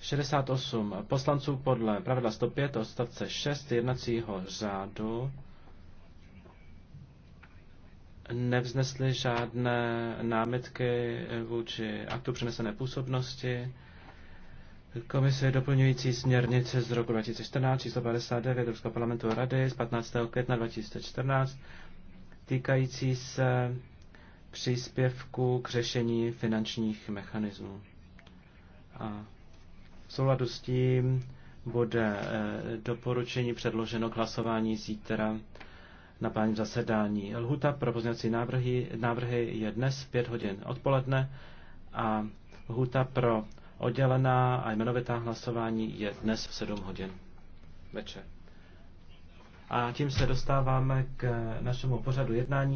68 poslanců podle pravidla 105 odstavce 6 jednacího řádu nevznesli žádné námitky vůči aktu přenesené působnosti. Komise doplňující směrnice z roku 2014 číslo 59 Evropského parlamentu a Rady z 15. května 2014 týkající se příspěvku k řešení finančních mechanismů. A v souladu s tím bude eh, doporučení předloženo k hlasování zítra na plán zasedání. Lhuta pro pozměňovací návrhy, návrhy je dnes 5 hodin odpoledne a lhuta pro oddělená a jmenovitá hlasování je dnes v 7 hodin večer. A tím se dostáváme k našemu pořadu jednání.